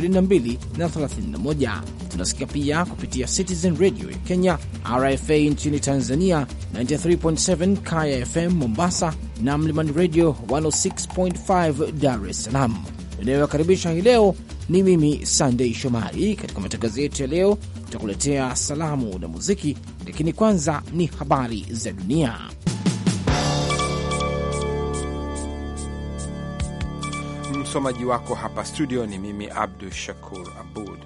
2231. Tunasikia pia kupitia Citizen Radio ya Kenya, RFA nchini Tanzania 93.7, Kaya FM Mombasa na Mlimani Radio 106.5 Dar es Salaam. Inayowakaribisha hii leo ni mimi Sandei Shomari. Katika matangazo yetu ya leo, tutakuletea salamu na muziki, lakini kwanza ni habari za dunia. Msomaji wako hapa studio ni mimi Abdu Shakur Abud.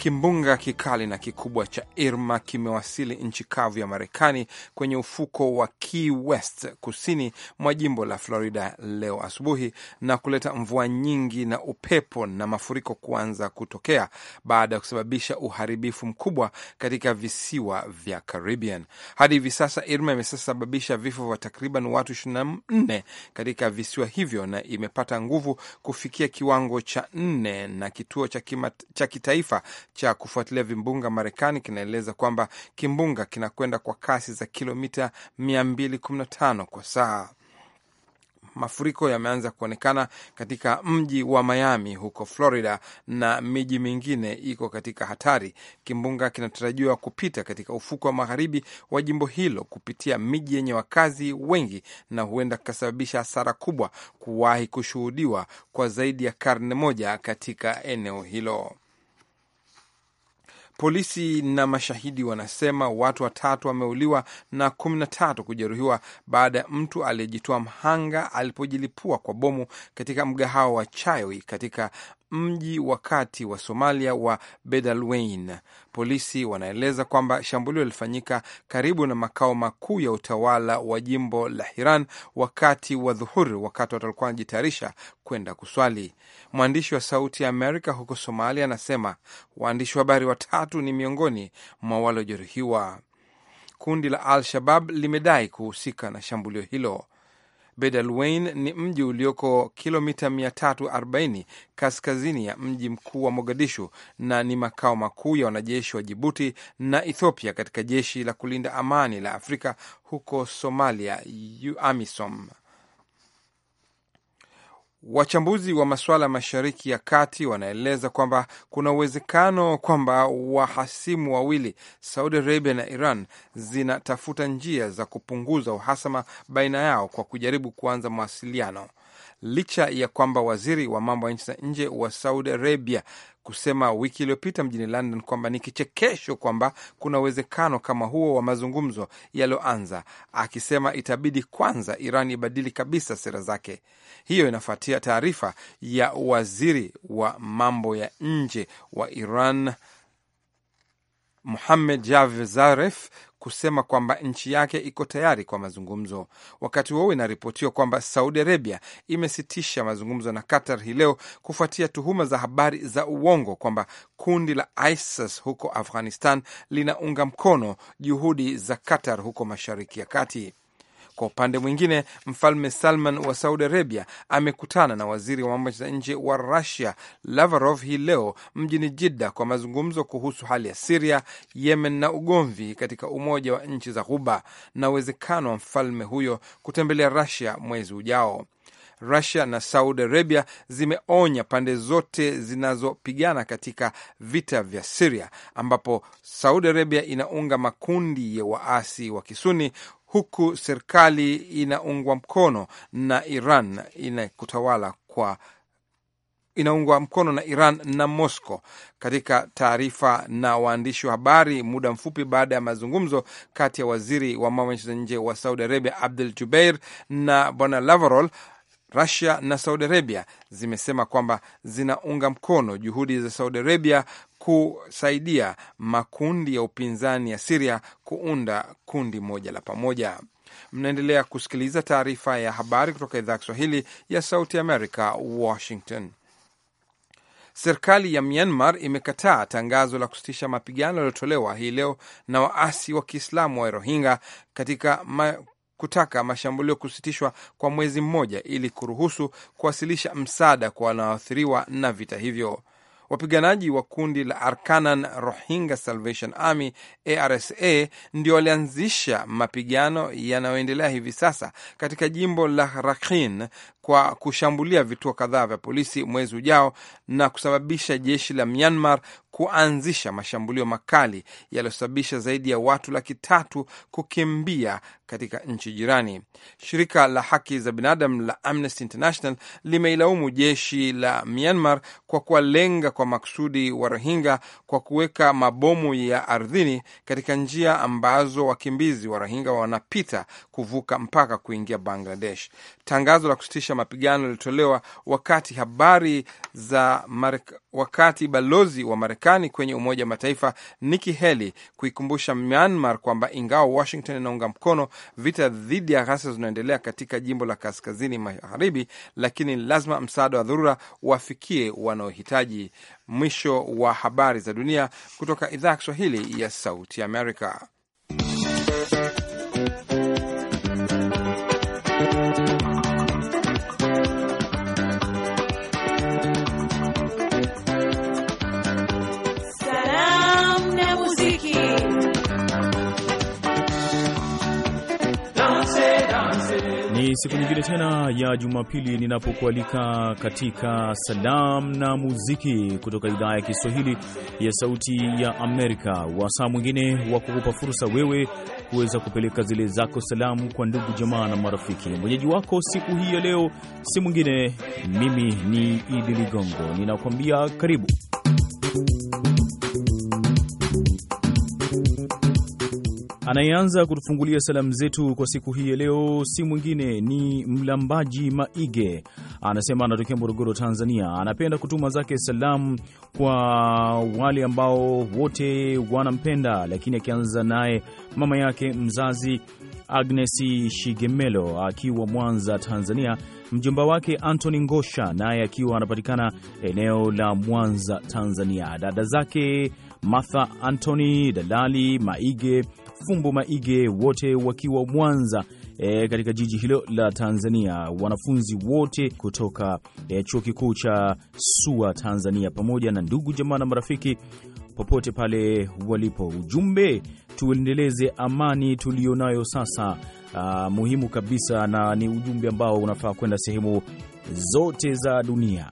Kimbunga kikali na kikubwa cha Irma kimewasili nchi kavu ya Marekani kwenye ufuko wa Key West kusini mwa jimbo la Florida leo asubuhi na kuleta mvua nyingi na upepo na mafuriko kuanza kutokea baada ya kusababisha uharibifu mkubwa katika visiwa vya Caribbean. Hadi hivi sasa Irma imesababisha vifo vya takriban watu 24 katika visiwa hivyo na imepata nguvu kufikia kiwango cha nne na kituo cha kitaifa cha kufuatilia vimbunga Marekani kinaeleza kwamba kimbunga kinakwenda kwa kasi za kilomita 215 kwa saa. Mafuriko yameanza kuonekana katika mji wa Miami huko Florida na miji mingine iko katika hatari. Kimbunga kinatarajiwa kupita katika ufuko wa magharibi wa jimbo hilo kupitia miji yenye wakazi wengi na huenda kikasababisha hasara kubwa kuwahi kushuhudiwa kwa zaidi ya karne moja katika eneo hilo. Polisi na mashahidi wanasema watu watatu wameuliwa na kumi na tatu kujeruhiwa baada ya mtu aliyejitoa mhanga alipojilipua kwa bomu katika mgahawa wa Chawi katika mji wa kati wa Somalia wa Beledweyne. Polisi wanaeleza kwamba shambulio lilifanyika karibu na makao makuu ya utawala wa jimbo la Hiran wakati wa dhuhuri, wakati watu walikuwa wanajitayarisha kwenda kuswali. Mwandishi wa Sauti ya Amerika huko Somalia anasema waandishi wa habari watatu ni miongoni mwa waliojeruhiwa. Kundi la Al-Shabab limedai kuhusika na shambulio hilo. Bedalwain ni mji ulioko kilomita 340 kaskazini ya mji mkuu wa Mogadishu na ni makao makuu ya wanajeshi wa Jibuti na Ethiopia katika jeshi la kulinda amani la Afrika huko Somalia, AMISOM. Wachambuzi wa masuala ya Mashariki ya Kati wanaeleza kwamba kuna uwezekano kwamba wahasimu wawili, Saudi Arabia na Iran, zinatafuta njia za kupunguza uhasama baina yao kwa kujaribu kuanza mawasiliano licha ya kwamba waziri wa mambo ya nchi za nje wa Saudi Arabia kusema wiki iliyopita mjini London kwamba ni kichekesho kwamba kuna uwezekano kama huo wa mazungumzo yaliyoanza, akisema itabidi kwanza Iran ibadili kabisa sera zake. Hiyo inafuatia taarifa ya waziri wa mambo ya nje wa Iran Muhamed Javad Zarif kusema kwamba nchi yake iko tayari kwa mazungumzo. Wakati huo inaripotiwa kwamba Saudi Arabia imesitisha mazungumzo na Qatar hii leo kufuatia tuhuma za habari za uongo kwamba kundi la ISIS huko Afghanistan linaunga mkono juhudi za Qatar huko Mashariki ya Kati. Kwa upande mwingine, Mfalme Salman wa Saudi Arabia amekutana na waziri wa mambo ya nje wa Rusia Lavarov hii leo mjini Jidda kwa mazungumzo kuhusu hali ya Siria, Yemen na ugomvi katika Umoja wa Nchi za Ghuba na uwezekano wa mfalme huyo kutembelea Rusia mwezi ujao. Rusia na Saudi Arabia zimeonya pande zote zinazopigana katika vita vya Siria, ambapo Saudi Arabia inaunga makundi ya waasi wa Kisuni huku serikali inaungwa mkono na Iran inakutawala kwa inaungwa mkono na Iran na Moscow. Katika taarifa na waandishi wa habari muda mfupi baada ya mazungumzo kati ya waziri wa mambo ya nje wa Saudi Arabia Abdul Jubeir na bwana Lavarol, Rusia na Saudi Arabia zimesema kwamba zinaunga mkono juhudi za Saudi Arabia kusaidia makundi ya upinzani ya Siria kuunda kundi moja la pamoja. Mnaendelea kusikiliza taarifa ya habari kutoka idhaa ya Kiswahili ya Sauti America, Washington. Serikali ya Myanmar imekataa tangazo la kusitisha mapigano yaliyotolewa hii leo na waasi wa Kiislamu wa Rohingya katika ma kutaka mashambulio kusitishwa kwa mwezi mmoja ili kuruhusu kuwasilisha msaada kwa wanaoathiriwa na vita hivyo. Wapiganaji wa kundi la Arkanan Rohingya Salvation Army, ARSA, ndio walianzisha mapigano yanayoendelea hivi sasa katika jimbo la Rakhine kwa kushambulia vituo kadhaa vya polisi mwezi ujao na kusababisha jeshi la Myanmar kuanzisha mashambulio makali yaliyosababisha zaidi ya watu laki tatu kukimbia katika nchi jirani. Shirika la haki za binadamu la Amnesty International limeilaumu jeshi la Myanmar kwa kuwalenga kwa makusudi wa Rohingya kwa kuweka mabomu ya ardhini katika njia ambazo wakimbizi wa Rohingya wanapita kuvuka mpaka kuingia Bangladesh. Tangazo la kusitisha mapigano lilitolewa wakati habari za marika, wakati balozi wa Marekani kwenye Umoja wa Mataifa Nikki Haley kuikumbusha Myanmar kwamba ingawa Washington inaunga mkono vita dhidi ya ghasia zinaendelea katika jimbo la kaskazini magharibi, lakini lazima msaada wa dharura wafikie wanaohitaji. Mwisho wa habari za dunia kutoka idhaa ya Kiswahili ya Sauti Amerika. Ni siku nyingine tena ya Jumapili ninapokualika katika Salam na Muziki kutoka idhaa ya Kiswahili ya Sauti ya Amerika, wasaa mwingine wa kukupa fursa wewe kuweza kupeleka zile zako salamu kwa ndugu, jamaa na marafiki. Mwenyeji wako siku hii ya leo si mwingine, mimi ni Idi Ligongo, ninakuambia karibu. Anayeanza kutufungulia salamu zetu kwa siku hii ya leo si mwingine ni Mlambaji Maige, anasema anatokea Morogoro, Tanzania. Anapenda kutuma zake salamu kwa wale ambao wote wanampenda, lakini akianza naye mama yake mzazi Agnes Shigemelo akiwa Mwanza, Tanzania, mjomba wake Anthony Ngosha naye akiwa anapatikana eneo la Mwanza, Tanzania, dada zake Martha Anthony, Dalali Maige, Fumbo Maige, wote wakiwa Mwanza e, katika jiji hilo la Tanzania, wanafunzi wote kutoka e, chuo kikuu cha SUA Tanzania, pamoja na ndugu jamaa na marafiki popote pale walipo. Ujumbe, tuendeleze amani tuliyonayo sasa. A, muhimu kabisa na ni ujumbe ambao unafaa kwenda sehemu zote za dunia.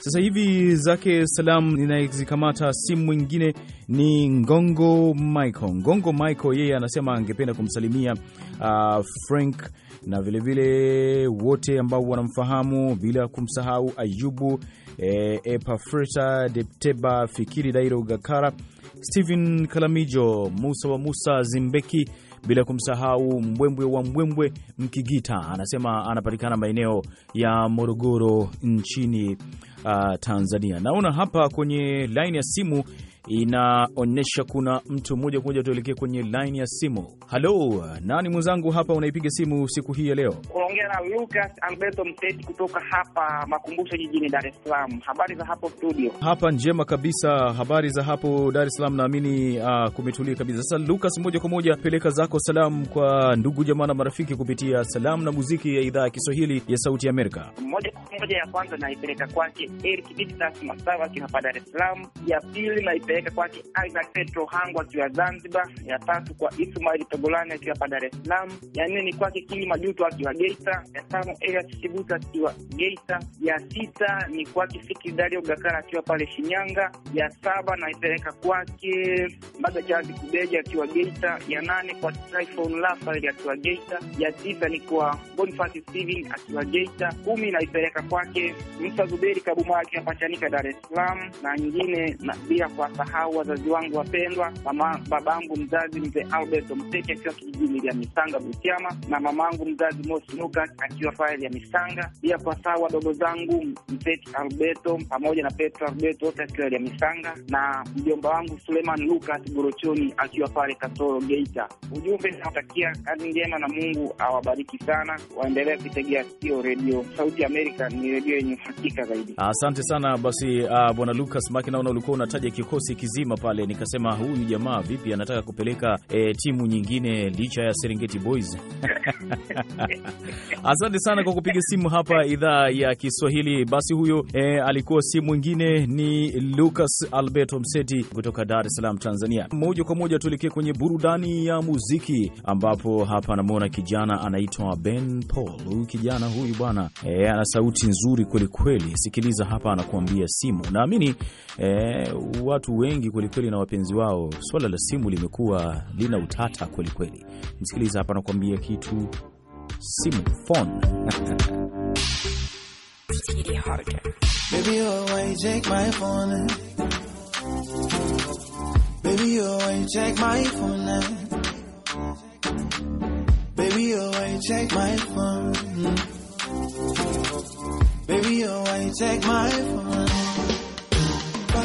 Sasa hivi zake salamu ninayezikamata simu mwingine ni Ngongo Michael. Ngongo Michael yeye anasema angependa kumsalimia uh, Frank na vilevile vile wote ambao wanamfahamu bila kumsahau Ayubu e, eh, Epafreta Depteba Fikiri Dairo Gakara Stephen Kalamijo Musa wa Musa Zimbeki bila kumsahau Mbwembwe wa Mbwembwe Mkigita. Anasema anapatikana maeneo ya Morogoro nchini uh, Tanzania. Naona hapa kwenye laini ya simu inaonyesha kuna mtu moja kwa moja. Tuelekee kwenye line ya simu. Halo, nani mwenzangu hapa unaipiga simu siku hii ya leo? Unaongea na Lucas Alberto Mteti kutoka hapa Makumbusho jijini Dar es Salaam. Habari za hapo studio? Hapa njema kabisa, habari za hapo Dar es Salaam. Naamini uh, kumetulia kabisa. Sasa Lucas, moja kwa moja peleka zako salamu kwa ndugu jamaa na marafiki kupitia salamu na muziki ya idhaa ya Kiswahili ya Sauti ya Amerika. Moja kwa moja, ya kwanza naipeleka kwake Eric Bitas Masawa hapa Dar es Salaam. Ya pili naipeleka kupeleka kwake Isaac Petro Hangu akiwa Zanzibar, ya tatu kwa Ismail Togolani akiwa hapa Dar es Salaam, ya nne ni kwake Kili Majuto akiwa Geita, ya tano Elias Chibuta akiwa Geita, ya sita ni kwake Fikri Dario Gakara akiwa pale Shinyanga, ya saba naipeleka kwake Mbaga Chazi Kubeja akiwa Geita, ya nane kwa Tryphon Raphael akiwa Geita, ya tisa ni kwa Boniface Steven akiwa Geita, kumi naipeleka kwake Musa Zuberi Kabuma akiwa Pachanika Dar es Salaam, na nyingine na bila kwa kuwasahau wazazi wangu wapendwa, mama babangu mzazi mzee Albert Omseki akiwa kijijini ya Misanga Butiama, na mamangu mzazi Mosi Lucas akiwa faya ya Misanga, pia kuwasahau wadogo zangu Mtete Alberto pamoja na Petro Alberto wote akiwa ya Misanga, na mjomba wangu Suleiman Lucas Gorochoni akiwa pale Katoro Geita. Ujumbe nawatakia kazi njema na Mungu awabariki sana, waendelee kuitegea sikio redio Sauti ya Amerika, ni redio yenye uhakika zaidi. Asante sana basi, uh, bwana Lucas Maki, naona ulikuwa unataja kikosi kikosi kizima pale, nikasema huyu jamaa vipi anataka kupeleka e, timu nyingine licha ya Serengeti Boys. Asante sana kwa kupiga simu hapa idhaa ya Kiswahili. Basi huyo e, alikuwa si mwingine ni Lucas Alberto Mseti kutoka Dar es Salaam, Tanzania. Moja kwa moja tuelekee kwenye burudani ya muziki, ambapo hapa namwona kijana anaitwa Ben Paul. Huyu kijana huyu bwana e, ana sauti nzuri kwelikweli. Sikiliza hapa anakuambia simu, naamini e, watu wengi kwelikweli na wapenzi wao, swala la simu limekuwa lina utata kwelikweli. Msikiliza hapa, nakuambia kitu simu phone oh,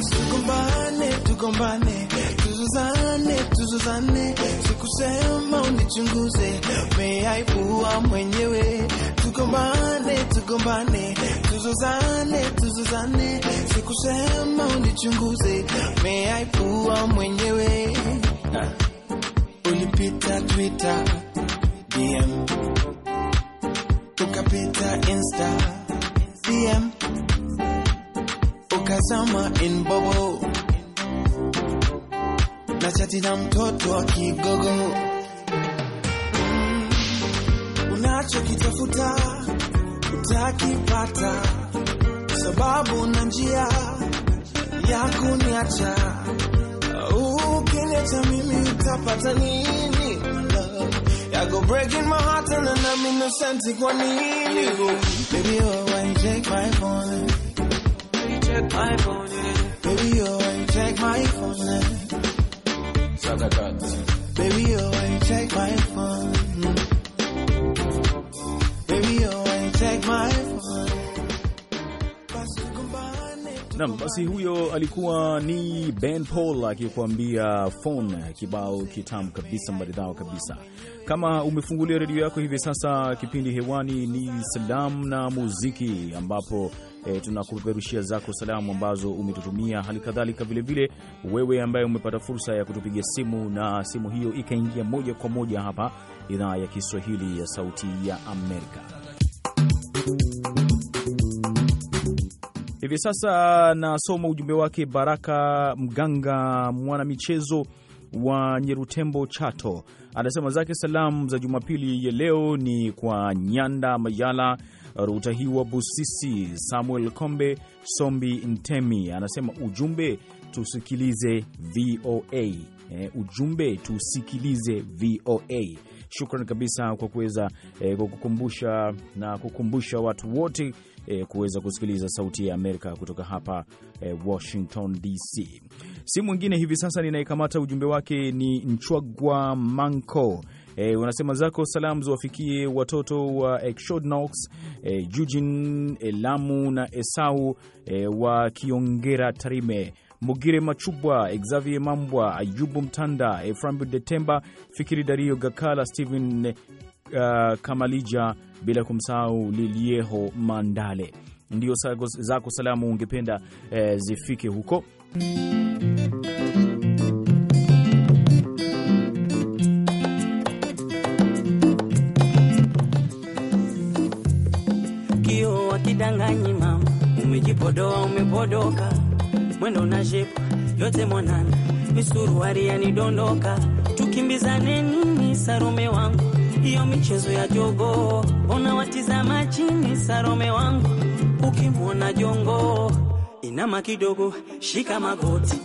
tugombane, tugombane, tuzuzane, tuzuzane, sikusema unichunguze, umeaibua mwenyewe. Tugombane, tugombane, tuzuzane, tuzuzane, sikusema unichunguze, umeaibua mwenyewe. Ah. Ulipita Twitter, DM Nazama in bobo na chati na mtoto wa kigogo, mm, unachokitafuta utakipata, sababu na njia ya kuniacha. Ukileta mimi utapata nini? Yago breaking my heart and I'm innocent, kwa nini? Baby, oh, why you take my phone check my phone, yeah. Baby, oh, I check my phone, yeah. Baby, oh, I check my phone. Nam, basi huyo alikuwa ni Ben Paul akikuambia phone, kibao kitamu kabisa, maridhawa kabisa. Kama umefungulia redio yako hivi sasa, kipindi hewani ni salamu na muziki, ambapo e, tunakupeperushia zako salamu ambazo umetutumia. Hali kadhalika vilevile, wewe ambaye umepata fursa ya kutupiga simu na simu hiyo ikaingia moja kwa moja hapa idhaa ya Kiswahili ya Sauti ya Amerika. Hivi sasa nasoma ujumbe wake Baraka Mganga, mwanamichezo wa Nyerutembo Chato, anasema zake salamu za Jumapili ya leo ni kwa Nyanda Mayala Rutahiwa Busisi, Samuel Kombe, Sombi Ntemi. Anasema ujumbe tusikilize VOA. E, eh, ujumbe tusikilize VOA. Shukran kabisa kwa kuweza e, eh, kukukumbusha na kukumbusha watu wote e, kuweza kusikiliza Sauti ya Amerika kutoka hapa e, Washington DC. Si mwingine hivi sasa ninayekamata ujumbe wake ni Nchwagwa Manko. E, unasema zako salamu ziwafikie watoto wa Exodnox e, Jujin Elamu na Esau e, wa Kiongera Tarime Mugire Machubwa, Xavier Mambwa, Ayubu Mtanda, Eframbu Detemba, Fikiri Dario Gakala, Stephen uh, Kamalija, bila kumsahau Lilieho Mandale. Ndio zako salamu ungependa uh, zifike huko. Kio wakidanganyi mama, umejipodoa umepodoka, mwendo na shepu yote mwanana, misuruari yanidondoka, tukimbizane nini sarume wangu hiyo michezo ya jogo, mbona watizama chini? Sarome wangu ukimwona jongo, inama kidogo, shika magoti,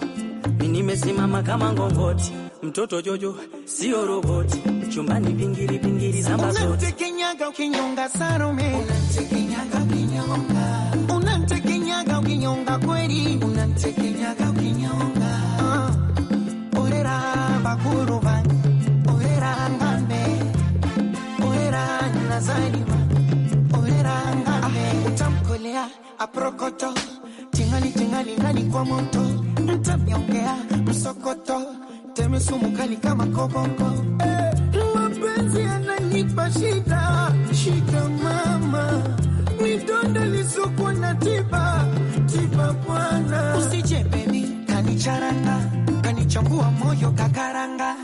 mi nimesimama kama ngongoti, mtoto jojo sio roboti, chumbani pingiri pingiri za magoti, unatekenyaga ukinyonga Sarome, unatekenyaga ukinyonga, unamtekenyaga ukinyonga kweli, unamtekenyaga ukinyonga, uh, orera bakuru aprokoto tingali tingali ngali kwa moto mtamnyongea msokoto teme sumu kama koboko eh, mapenzi yananipa shida shida mama midonda lisoko na tiba tiba bwana usije bebi kanicharanga kanichambua moyo kakaranga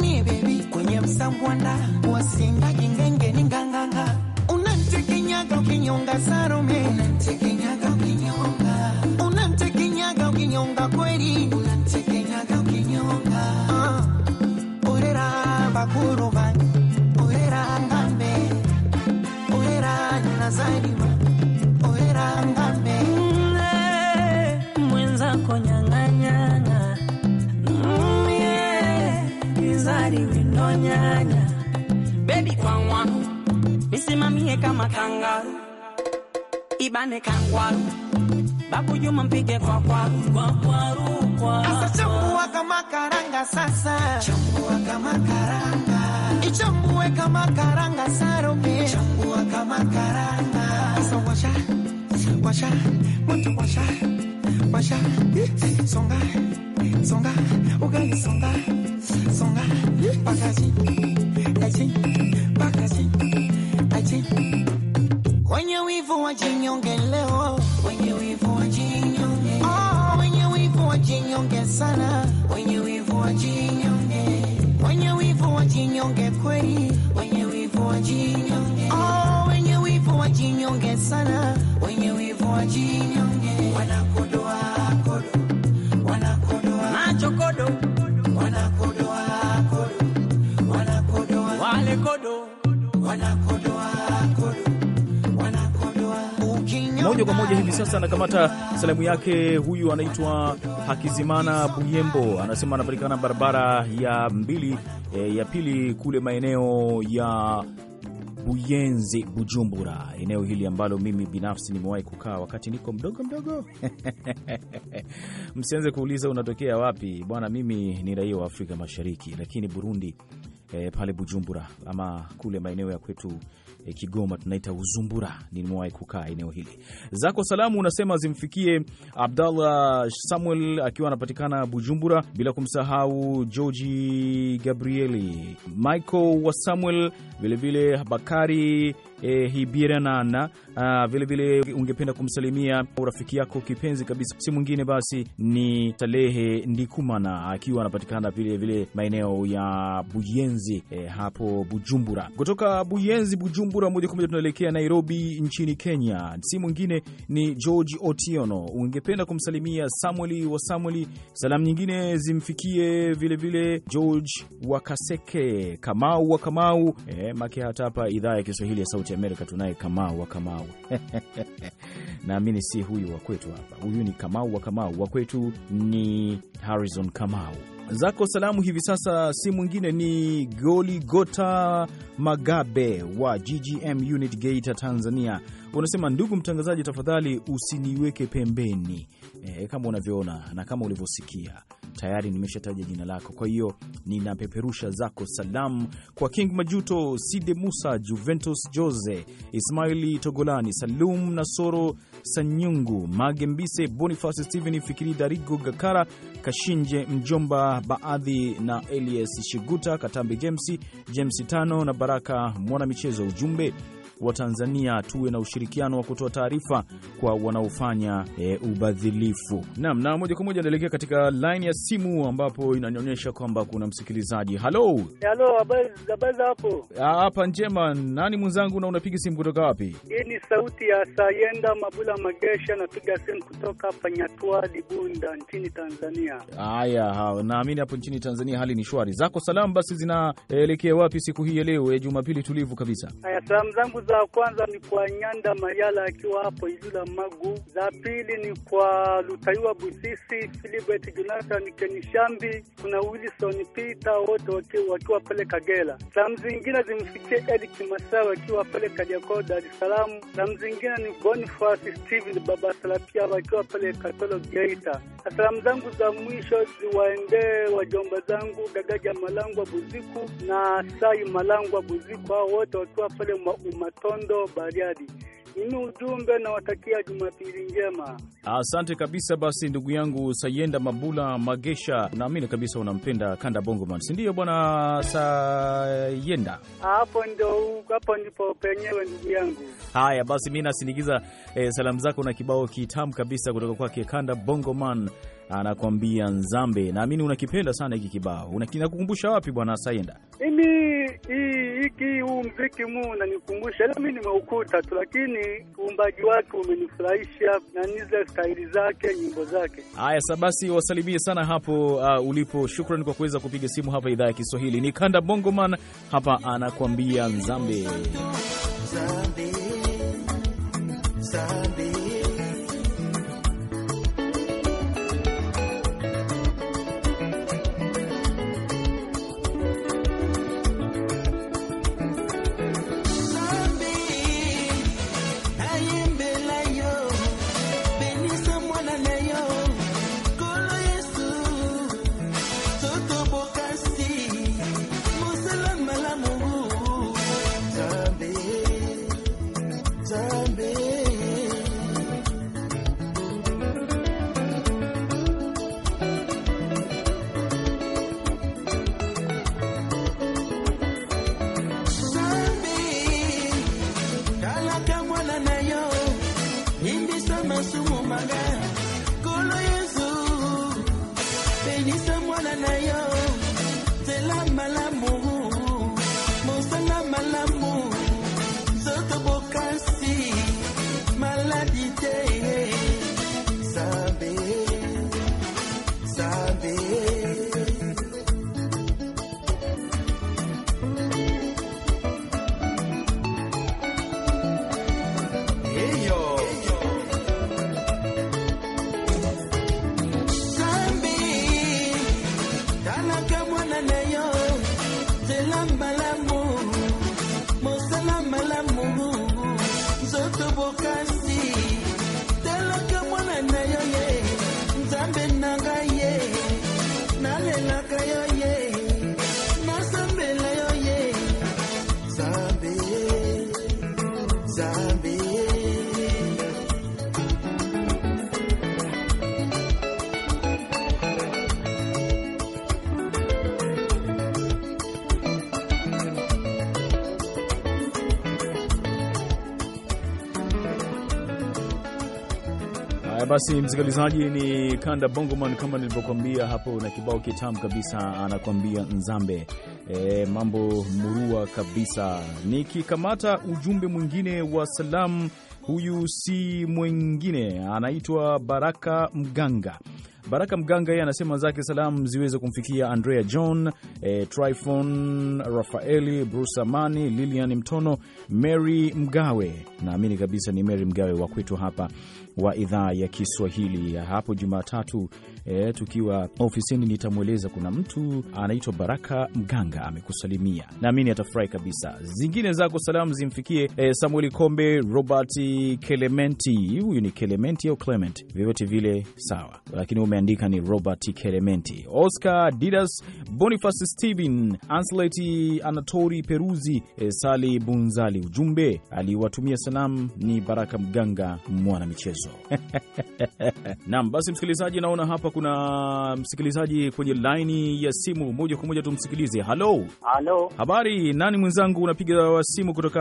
mie bebi kwenye msambwanda wasindaji ngengeni Mane kangwaru babu Juma mpige kwa kwaru kwa kwaru kwa sasa chambua kama karanga sasa chambua kama karanga ichambue kama karanga saroke chambua kama karanga Asa washa washa moto washa washa songa songa ugali songa songa pakazi achi pakazi achi wenye wivu wajinyonge leo, wenye wivu wajinyonge, oh, ah, wenye wivu wajinyonge sana, wenye wivu wajinyonge, wenye wivu wajinyonge kweli, wenye wivu wajinyonge, oh, wenye wivu wajinyonge sana, wenye wivu wajinyonge, wanakodoa kodo, wanakodoa macho kodo, wanakodoa kodo, wanakodoa wale kodo, wanakodoa moja kwa moja hivi sasa anakamata salamu yake. Huyu anaitwa Hakizimana buyembo anasema anapatikana barabara ya mbili e, ya pili kule maeneo ya Buyenzi, Bujumbura, eneo hili ambalo mimi binafsi nimewahi kukaa wakati niko mdogo mdogo. Msianze kuuliza unatokea wapi bwana, mimi ni raia wa Afrika Mashariki, lakini Burundi e, pale Bujumbura ama kule maeneo ya kwetu e, Kigoma tunaita Uzumbura. Nimewahi kukaa eneo hili. Zako salamu unasema zimfikie Abdallah Samuel akiwa anapatikana Bujumbura, bila kumsahau Georgi Gabrieli, Michael wa Samuel, vilevile Bakari E, eh, Hibiranana ah, vilevile ungependa kumsalimia rafiki yako kipenzi kabisa, si mwingine basi ni Talehe Ndikumana akiwa anapatikana vilevile maeneo ya Bujenzi Buyenzi e, hapo Bujumbura. Kutoka Buyenzi Bujumbura moja kwa moja tunaelekea Nairobi nchini Kenya. Si mwingine ni George otiono Ungependa kumsalimia Samueli wa Samueli. Salamu nyingine zimfikie vilevile George Wakaseke, Kamau wa Kamau e, eh, make hata hapa idhaa ya Kiswahili ya Sauti Amerika tunaye Kamau wa Kamau naamini si huyu wa kwetu hapa, huyu ni Kamau wa Kamau wa kwetu ni Harrison Kamau zako salamu hivi sasa si mwingine ni Goligota Magabe wa GGM Unit Gate, Tanzania. Unasema ndugu mtangazaji, tafadhali usiniweke pembeni. E, kama unavyoona na kama ulivyosikia tayari nimeshataja jina lako. Kwa hiyo ninapeperusha zako salamu kwa King Majuto, Side Musa, Juventus Jose, Ismaili Togolani, Salum Nasoro, Sanyungu Magembise, Boniface Steven, Fikiri Darigo, Gakara Kashinje, Mjomba Baadhi na Elias Shiguta, Katambi James, James Tano na Baraka Mwana Michezo. Ujumbe Watanzania tuwe na ushirikiano wa kutoa taarifa kwa wanaofanya e, ubadhilifu. Naam, na moja kwa moja naelekea katika laini ya simu ambapo inanionyesha kwamba kuna msikilizaji. Halo, halo, habari za hapo? Ah, hapa njema. Nani mwenzangu, na unapiga simu kutoka wapi? Hii ni sauti ya Sayenda Mabula Magesha, napiga simu kutoka hapa Nyatwa Libunda nchini Tanzania. Haya, naamini hapo nchini Tanzania hali ni shwari. Zako salamu basi zinaelekea wapi siku hii ya leo ya eh, Jumapili tulivu kabisa? Haya, salamu zangu za za kwanza ni kwa Nyanda Mayala akiwa hapo Ijula Magu, za pili ni kwa Lutaiwa Busisi, Filibert Jonathan Kenishambi, kuna Wilson Peter, wote wakiwa pale Kagera. Salamu zingine zimfikie Edi Kimasawe akiwa pale Kajako, Dar es Salaam. Salamu zingine ni Bonifas Steven Baba Salapia wakiwa pale Katolo, Geita. Salamu zangu za mwisho ziwaendee wajomba zangu Gagaja Malangwa Buziku na Sai Malangwa Buziku, hao wote wakiwa pale Uma Tondo Bariadi. Mimi ujumbe nawatakia Jumapili njema. Asante kabisa. Basi ndugu yangu Sayenda Mabula Magesha, naamini kabisa unampenda Kanda Bongo Man, si ndio bwana Sayenda? Hapo ndio, hapo ndipo penyewe ndugu yangu. Haya basi, mi nasindikiza eh, salamu zako na kibao kitamu kabisa kutoka kwake Kanda Bongo Man anakwambia Nzambe. Naamini unakipenda sana hiki kibao, kinakukumbusha wapi bwana Saenda? Mimi hiki huu mziki mu unanikumbusha, ila mi nimeukuta tu, lakini uumbaji wake umenifurahisha na niza staili zake, nyimbo zake. Haya, sa basi wasalimie sana hapo uh, ulipo. shukran kwa kuweza kupiga simu hapa idhaa ya Kiswahili. Ni Kanda Bongoman hapa anakwambia Nzambe, Nzambe. Basi msikilizaji, ni Kanda Bongoman kama nilivyokuambia hapo, na kibao kitamu kabisa anakuambia Nzambe. E, mambo murua kabisa. Nikikamata ujumbe mwingine wa salamu, huyu si mwingine, anaitwa Baraka Mganga. Baraka Mganga yeye anasema zake salamu ziweze kumfikia Andrea John, e, Tryfon Rafaeli, Bruce Amani, Lilian Mtono, Mary Mgawe, naamini kabisa ni Mary Mgawe wa kwetu hapa wa idhaa ya Kiswahili ya hapo Jumatatu e, tukiwa ofisini nitamweleza kuna mtu anaitwa Baraka Mganga amekusalimia, naamini atafurahi kabisa. Zingine zako salamu zimfikie e, Samueli Kombe, Robert Kelementi, huyu ni Kelementi au Clement vyovyote vile sawa, lakini umeandika ni Robert Kelementi, Oscar Didas, Boniface Steven, Anseleti Anatori Peruzi, e, Sali Bunzali. Ujumbe aliwatumia salamu ni Baraka Mganga, mwana michezo. Naam, basi msikilizaji, naona hapa kuna msikilizaji kwenye laini ya simu, moja kwa moja tumsikilize. Halo, halo, habari? Nani mwenzangu, unapiga simu kutoka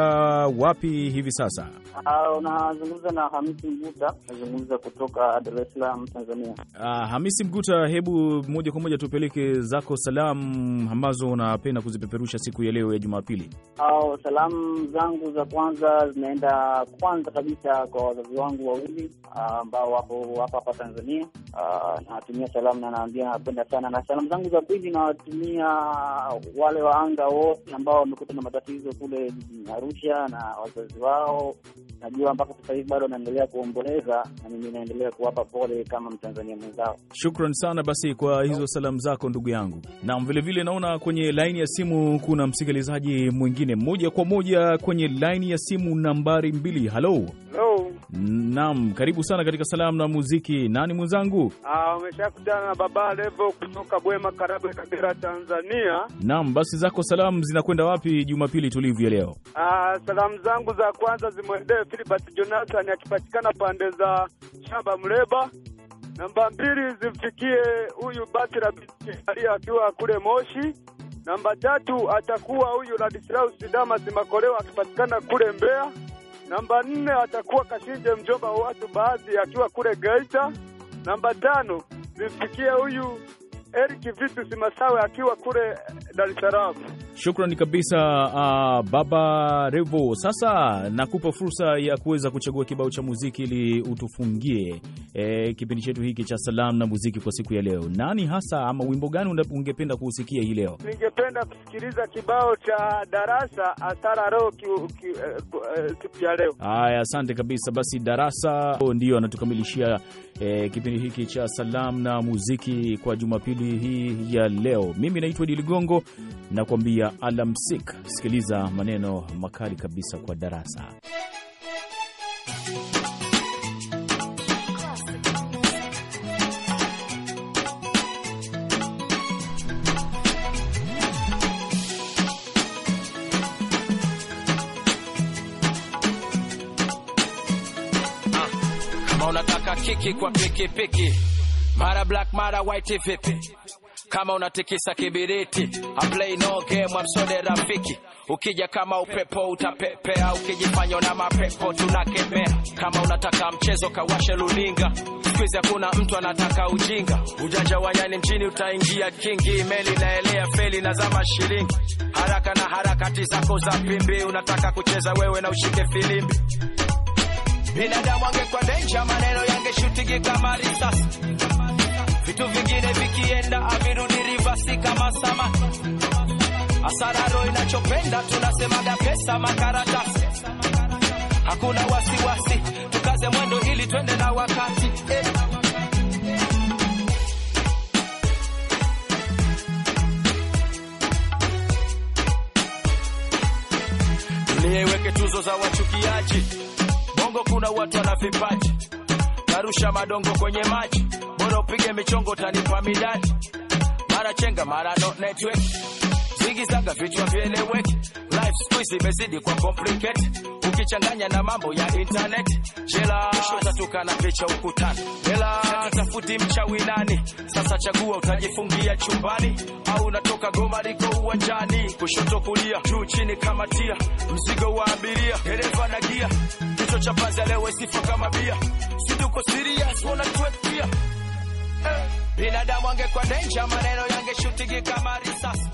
wapi hivi sasa? Uh, unazungumza na Hamisi Mguta. Nazungumza kutoka Dar es Salaam, Tanzania. Uh, Hamisi Mguta, hebu moja kwa moja tupeleke zako salamu ambazo unapenda kuzipeperusha siku ya leo ya Jumapili. Uh, salamu zangu za kwanza zinaenda kwanza kabisa kwa wazazi wangu wawili ah, ambao uh, wapo hapa hapa Tanzania uh, na nawatumia salamu na naambia napenda sana, na salamu zangu za pili nawatumia wale waanga wote ambao wamekuta na matatizo kule Arusha na wazazi wao. Najua mpaka sasa hivi bado wanaendelea kuomboleza, na mimi naendelea kuwapa pole kama Mtanzania mwenzao. Shukran sana basi kwa hizo salamu zako ndugu yangu. Naam, vilevile naona kwenye laini ya simu kuna msikilizaji mwingine, moja kwa moja kwenye laini ya simu nambari mbili. Halo, Naam, karibu sana katika salamu na muziki. Nani mwenzangu? Uh, nimeshakutana na baba Levo kutoka Bwema Karagwe, Kagera, Tanzania. Naam, basi zako salamu zinakwenda wapi Jumapili tulivu ya leo? Ah, salamu zangu za kwanza zimwendee Philbert Jonathan akipatikana pande za shamba Mleba. Namba mbili zimfikie huyu Bakira Bisikaria akiwa kule Moshi. Namba tatu atakuwa huyu Ladislaus Sidama Simakolewa akipatikana kule Mbeya. Namba nne atakuwa Kashinje mjomba wa watu baadhi akiwa kule Geita. Namba tano zifikie huyu Eric Vitus Masawe akiwa kule Dar es Salaam. Shukrani kabisa uh, Baba Revo. Sasa nakupa fursa ya kuweza kuchagua kibao cha muziki ili utufungie e, kipindi chetu hiki cha salamu na muziki kwa siku ya leo. Nani hasa ama wimbo gani ungependa kuusikia hii leo? Ningependa kusikiliza kibao cha Darasa Asara Roho eh, eh, siku ya leo. Haya, asante kabisa. Basi Darasa oh, ndio anatukamilishia e, kipindi hiki cha salamu na muziki kwa Jumapili hii ya leo. Mimi naitwa Idi Ligongo nakuambia alamsik. Sikiliza maneno makali kabisa kwa darasa kiki kwa peke peke, mara black mara white, vipi kama unatikisa kibiriti? I play no game, amsode rafiki Ukija kama upepo utapepea, ukijifanya na mapepo tunakemea. Kama unataka mchezo kawashe luninga, siku hizi hakuna mtu anataka ujinga. Ujanja wa nyani mjini utaingia kingi, meli naelea feli na zama shilingi, haraka na harakati zako za pimbi. Unataka kucheza wewe na ushike filimbi binadamu angekuwa denja, maneno yangeshutige kama risasi, vitu vingine vikienda avirudi rivasi kama sama asararo inachopenda tunasemaga pesa makaratasi, hakuna wasiwasi, tukaze mwendo ili twende na wakati eh. Tulieweke tuzo za wachukiaji Bongo kuna watu wana vipaji, narusha madongo kwenye maji, bora upige michongo tanipa midadi, mara chenga mara no network, zigizaga vichwa vieleweki Life siku hizi imezidi kwa complicate, ukichanganya na mambo ya internet. Jela utatuka na picha ukutani, hela tafuti mchawi nani? Sasa chagua, utajifungia chumbani au unatoka goma liko uwanjani, kushoto kulia, juu chini, kama tia mzigo wa abiria, dereva na gia, kichwa cha panzi leo sifa kama bia, si tuko serious, wanna tweet pia binadamu angekuwa danger, maneno yangeshutigika kama risasi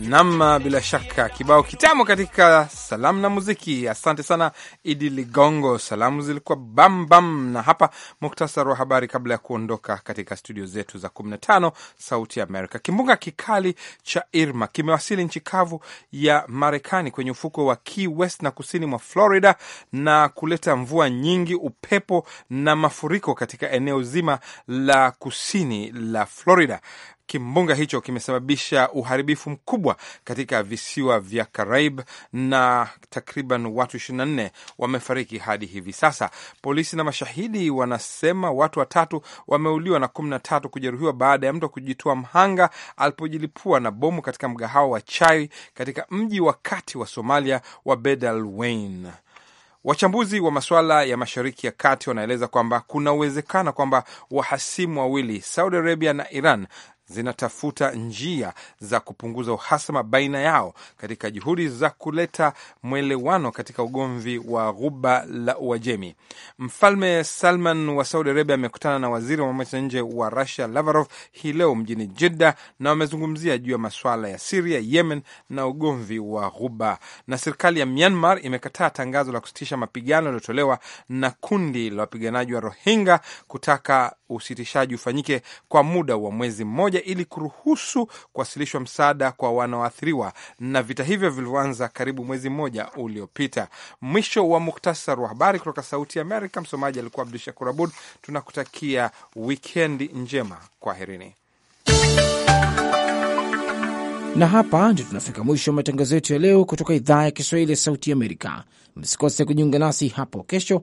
Nam, bila shaka kibao kitamo katika salamu na muziki. Asante sana Idi Ligongo, salamu zilikuwa bambam bam. Na hapa muktasari wa habari kabla ya kuondoka katika studio zetu za 15 Sauti Amerika. Kimbunga kikali cha Irma kimewasili nchi kavu ya Marekani kwenye ufukwe wa Key West na kusini mwa Florida na kuleta mvua nyingi, upepo na mafuriko katika eneo zima la kusini la Florida. Kimbunga hicho kimesababisha uharibifu mkubwa katika visiwa vya Karaib na takriban watu 24 wamefariki hadi hivi sasa. Polisi na mashahidi wanasema watu watatu wameuliwa na 13 kujeruhiwa baada ya mtu kujitoa mhanga alipojilipua na bomu katika mgahawa wa chai katika mji wa kati wa Somalia wa Beledweyne. Wachambuzi wa masuala ya Mashariki ya Kati wanaeleza kwamba kuna uwezekano kwamba wahasimu wawili Saudi Arabia na Iran zinatafuta njia za kupunguza uhasama baina yao katika juhudi za kuleta mwelewano katika ugomvi wa ghuba la Uajemi. Mfalme Salman wa Saudi Arabia amekutana na waziri wa mambo ya nje wa Rusia Lavarov hii leo mjini Jeddah na wamezungumzia juu ya masuala ya Siria, Yemen na ugomvi wa ghuba. Na serikali ya Myanmar imekataa tangazo la kusitisha mapigano yaliyotolewa na kundi la wapiganaji wa Rohingya kutaka usitishaji ufanyike kwa muda wa mwezi mmoja moja ili kuruhusu kuwasilishwa msaada kwa wanaoathiriwa na vita hivyo vilivyoanza karibu mwezi mmoja uliopita. Mwisho wa muktasar wa habari kutoka Sauti ya Amerika. Msomaji alikuwa Abdu Shakur Abud. Tunakutakia wikendi njema, kwaherini. Na hapa ndio tunafika mwisho wa matangazo yetu ya leo kutoka idhaa ya Kiswahili ya Sauti Amerika. Msikose kujiunga nasi hapo kesho